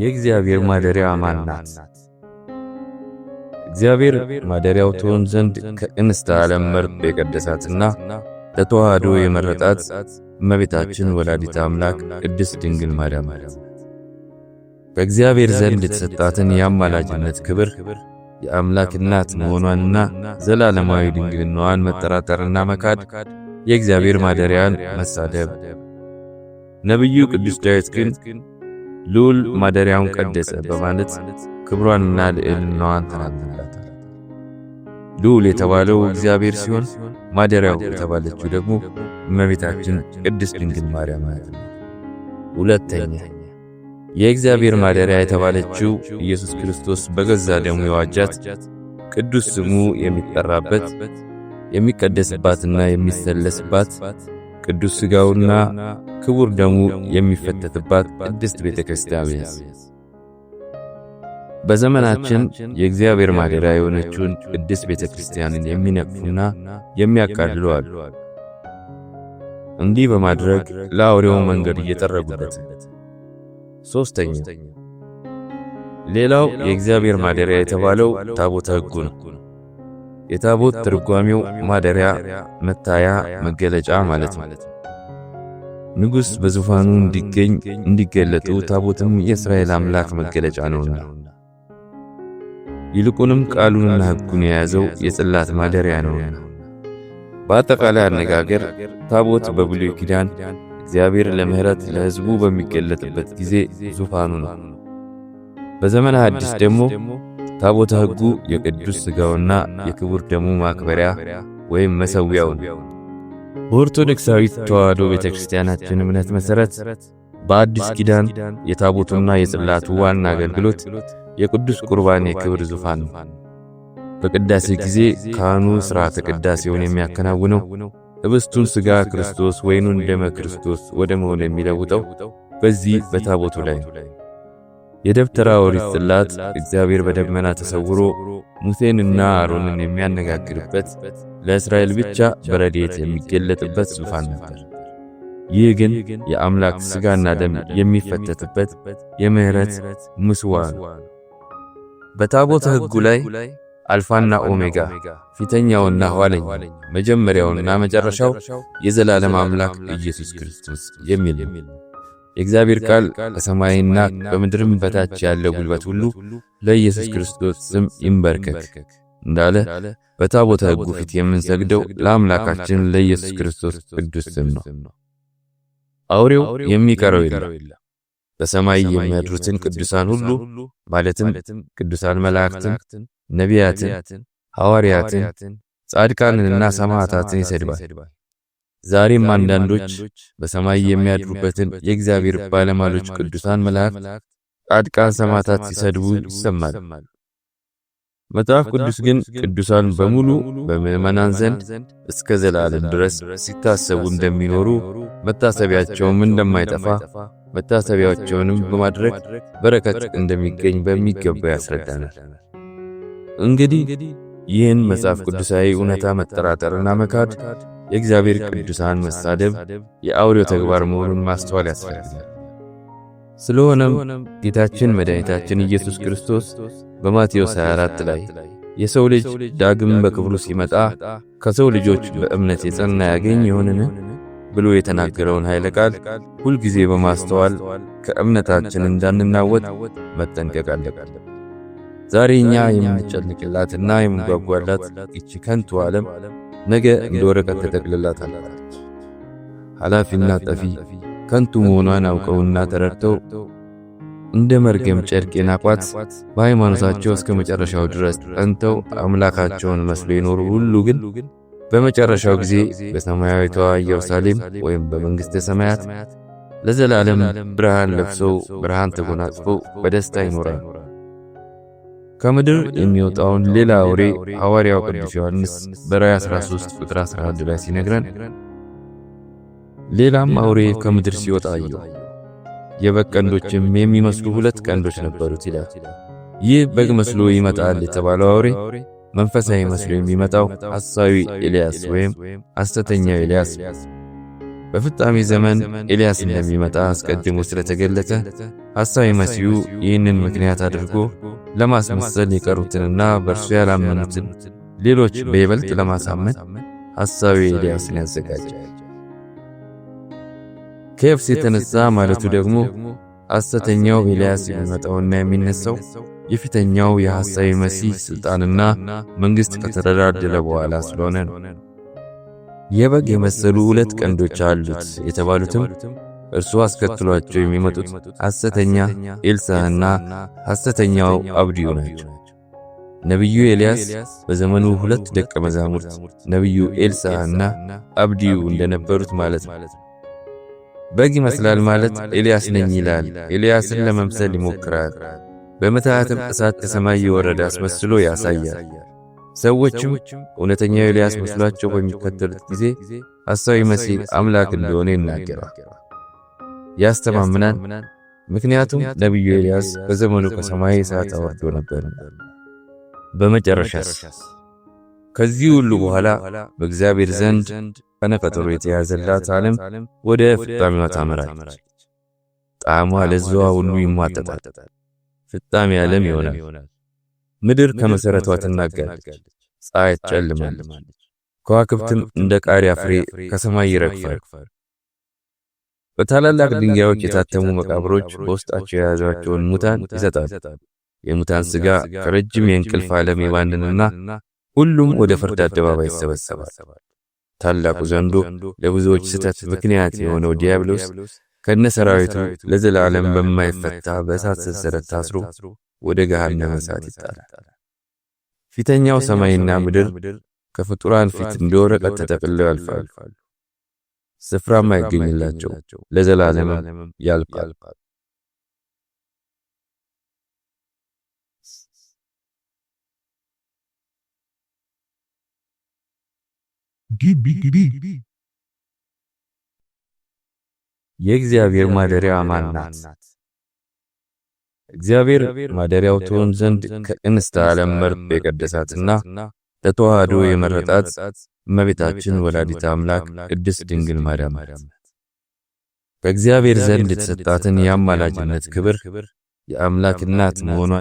የእግዚአብሔር ማደሪያ ማን ናት? እግዚአብሔር ማደሪያው ትሆን ዘንድ ከእንስተ ዓለም መርጦ የቀደሳትና ለተዋህዶ የመረጣት እመቤታችን ወላዲተ አምላክ ቅድስት ድንግል ማርያም በእግዚአብሔር ዘንድ የተሰጣትን የአማላጅነት ክብር የአምላክ እናት መሆኗንና ዘላለማዊ ድንግልናዋን መጠራጠርና መካድ የእግዚአብሔር ማደሪያን መሳደብ። ነቢዩ ቅዱስ ዳዊት ግን ልዑል ማደሪያውን ቀደሰ በማለት ክብሯንና ልዕልናዋን ተናግሮላታል። ልዑል የተባለው እግዚአብሔር ሲሆን ማደሪያው የተባለችው ደግሞ እመቤታችን ቅድስት ድንግል ማርያም ናት። ሁለተኛ የእግዚአብሔር ማደሪያ የተባለችው ኢየሱስ ክርስቶስ በገዛ ደሙ የዋጃት ቅዱስ ስሙ የሚጠራበት የሚቀደስባትና የሚሰለስባት ቅዱስ ሥጋውና ክቡር ደሙ የሚፈተትባት ቅድስት ቤተ ክርስቲያን በዘመናችን የእግዚአብሔር ማደሪያ የሆነችውን ቅድስት ቤተ ክርስቲያንን የሚነቅፉና የሚያቃልሉ አሉ። እንዲህ በማድረግ ለአውሬው መንገድ እየጠረጉበት። ሶስተኛ ሌላው የእግዚአብሔር ማደሪያ የተባለው ታቦተ ሕጉ ነው። የታቦት ትርጓሜው ማደሪያ፣ መታያ፣ መገለጫ ማለት ነው። ንጉሥ በዙፋኑ እንዲገኝ እንዲገለጡ፣ ታቦትም የእስራኤል አምላክ መገለጫ ነውና ይልቁንም ቃሉንና ሕጉን የያዘው የጽላት ማደሪያ ነውና። በአጠቃላይ አነጋገር ታቦት በብሉይ ኪዳን እግዚአብሔር ለምሕረት ለሕዝቡ በሚገለጥበት ጊዜ ዙፋኑ ነው። በዘመነ አዲስ ደግሞ ታቦተ ሕጉ የቅዱስ ሥጋውና የክቡር ደሙ ማክበሪያ ወይም መሠዊያውን በኦርቶዶክሳዊት ተዋሕዶ ቤተ ክርስቲያናችን እምነት መሠረት በአዲስ ኪዳን የታቦቱና የጽላቱ ዋና አገልግሎት የቅዱስ ቁርባን የክብር ዙፋን ነው። በቅዳሴ ጊዜ ካህኑ ሥርዓተ ቅዳሴውን የሚያከናውነው ኅብስቱን ሥጋ ክርስቶስ ወይኑን ደመ ክርስቶስ ወደ መሆን የሚለውጠው በዚህ በታቦቱ ላይ ነው። የደብተራ ኦሪት ጽላት እግዚአብሔር በደመና ተሰውሮ ሙሴንና አሮንን የሚያነጋግርበት ለእስራኤል ብቻ በረድኤት የሚገለጥበት ዙፋን ነበር። ይህ ግን የአምላክ ሥጋና ደም የሚፈተትበት የምሕረት ምስዋ ነው። በታቦተ ሕጉ ላይ አልፋና ኦሜጋ ፊተኛውና ኋለኛ መጀመሪያውና መጨረሻው የዘላለም አምላክ ኢየሱስ ክርስቶስ የሚል የእግዚአብሔር ቃል በሰማይና በምድርም በታች ያለ ጉልበት ሁሉ ለኢየሱስ ክርስቶስ ስም ይንበርከክ እንዳለ በታቦተ ሕጉ ፊት የምንሰግደው ለአምላካችን ለኢየሱስ ክርስቶስ ቅዱስ ስም ነው። አውሬው የሚቀረው የለም። በሰማይ የሚያድሩትን ቅዱሳን ሁሉ ማለትም ቅዱሳን መላእክትን፣ ነቢያትን፣ ሐዋርያትን፣ ጻድቃንንና ሰማዕታትን ይሰድባል። ዛሬም አንዳንዶች በሰማይ የሚያድሩበትን የእግዚአብሔር ባለሟሎች ቅዱሳን መላእክት፣ ጻድቃን፣ ሰማዕታት ሲሰድቡ ይሰማል። መጽሐፍ ቅዱስ ግን ቅዱሳን በሙሉ በምዕመናን ዘንድ እስከ ዘላለም ድረስ ሲታሰቡ እንደሚኖሩ መታሰቢያቸውም እንደማይጠፋ መታሰቢያቸውንም በማድረግ በረከት እንደሚገኝ በሚገባ ያስረዳናል። እንግዲህ ይህን መጽሐፍ ቅዱሳዊ እውነታ መጠራጠርና መካድ የእግዚአብሔር ቅዱሳን መሳደብ የአውሬው ተግባር መሆኑን ማስተዋል ያስፈልጋል። ስለሆነም ጌታችን መድኃኒታችን ኢየሱስ ክርስቶስ በማቴዎስ 24 ላይ የሰው ልጅ ዳግም በክብሩ ሲመጣ ከሰው ልጆች በእምነት የጸና ያገኝ ይሆንን ብሎ የተናገረውን ኃይለ ቃል ሁልጊዜ በማስተዋል ከእምነታችን እንዳንናወጥ መጠንቀቅ አለብን። ዛሬ እኛ የምንጨንቅላትና የምንጓጓላት ይቺ ከንቱ ዓለም ነገ እንደ ወረቀት ተጠቅልላታል። ኃላፊና ጠፊ ከንቱ መሆኗን አውቀውና ተረድተው እንደ መርገም ጨርቅ የናቋት በሃይማኖታቸው እስከ መጨረሻው ድረስ ጠንተው አምላካቸውን መስሎ የኖሩ ሁሉ ግን በመጨረሻው ጊዜ በሰማያዊቷ ኢየሩሳሌም ወይም በመንግሥተ ሰማያት ለዘላለም ብርሃን ለብሰው ብርሃን ተጎናጽፈው በደስታ ይኖራል። ከምድር የሚወጣውን ሌላ አውሬ ሐዋርያው ቅዱስ ዮሐንስ በራእይ 13 ቁጥር 11 ላይ ሲነግረን ሌላም አውሬ ከምድር ሲወጣ አየሁ፣ የበግ ቀንዶችም የሚመስሉ ሁለት ቀንዶች ነበሩት ይላል። ይህ በግ መስሎ ይመጣል የተባለው አውሬ መንፈሳዊ መስሎ የሚመጣው ሐሳዊ ኤልያስ ወይም ሐሰተኛው ኤልያስ በፍጻሜ ዘመን ኤልያስ እንደሚመጣ አስቀድሞ ስለተገለጠ ሐሳዊ መሲሁ ይህንን ምክንያት አድርጎ ለማስመሰል የቀሩትንና በእርሱ ያላመኑትን ሌሎች በይበልጥ ለማሳመን ሐሳዊ ኤልያስን ያዘጋጃል። ከየብስ የተነሳ ማለቱ ደግሞ ሐሰተኛው ኤልያስ የሚመጣውና የሚነሳው የፊተኛው የሐሳዊ መሲህ ሥልጣንና መንግሥት ከተደራደለ በኋላ ስለሆነ ነው። የበግ የመሰሉ ሁለት ቀንዶች አሉት የተባሉትም እርሱ አስከትሏቸው የሚመጡት ሐሰተኛ ኤልሳዕና ሐሰተኛው አብድዩ ናቸው። ነቢዩ ኤልያስ በዘመኑ ሁለት ደቀ መዛሙርት ነቢዩ ኤልሳዕና አብድዩ እንደነበሩት ማለት ነው። በግ ይመስላል ማለት ኤልያስ ነኝ ይላል። ኤልያስን ለመምሰል ይሞክራል። በምትሃትም እሳት ከሰማይ የወረደ አስመስሎ ያሳያል። ሰዎችም እውነተኛው ኤልያስ መስሏቸው በሚከተሉት ጊዜ ሐሳዊ መሲህ አምላክ እንደሆነ ይናገራል። ያስተማምናል። ምክንያቱም ነቢዩ ኤልያስ በዘመኑ ከሰማይ እሳት አወርዶ ነበር። በመጨረሻስ ከዚህ ሁሉ በኋላ በእግዚአብሔር ዘንድ ቀነ ቀጠሮ የተያዘላት ዓለም ወደ ፍጻሜዋ ታመራለች። ጣዕሟ ለዛዋ ሁሉ ይሟጠጣል። ፍጻሜ ዓለም ይሆናል። ምድር ከመሠረቷ ትናጋለች። ፀሐይ ትጨልማለች። ከዋክብትም እንደ ቃሪያ ፍሬ ከሰማይ ይረግፋል። በታላላቅ ድንጋዮች የታተሙ መቃብሮች በውስጣቸው የያዟቸውን ሙታን ይሰጣል። የሙታን ሥጋ ከረጅም የእንቅልፍ ዓለም የባንንና ሁሉም ወደ ፍርድ አደባባይ ይሰበሰባል። ታላቁ ዘንዶ ለብዙዎች ስተት ምክንያት የሆነው ዲያብሎስ ከነ ሰራዊቱ ለዘላለም በማይፈታ በእሳት ሰንሰለት ታስሮ ወደ ገሃነመ እሳት ይጣላል። ፊተኛው ሰማይና ምድር ከፍጡራን ፊት እንደ ወረቀት ተጠቅልለው ያልፋሉ። ስፍራ ማይገኝላቸው ለዘላለምም ያልፋል። የእግዚአብሔር ማደሪያ ማን ናት? እግዚአብሔር ማደሪያው ትሆን ዘንድ ከእንስተ ዓለም መርጦ የቀደሳትና ለተዋህዶ የመረጣት እመቤታችን ወላዲት አምላክ ቅድስት ድንግል ማርያም በእግዚአብሔር ዘንድ የተሰጣትን የአማላጅነት ክብር የአምላክ እናት መሆኗን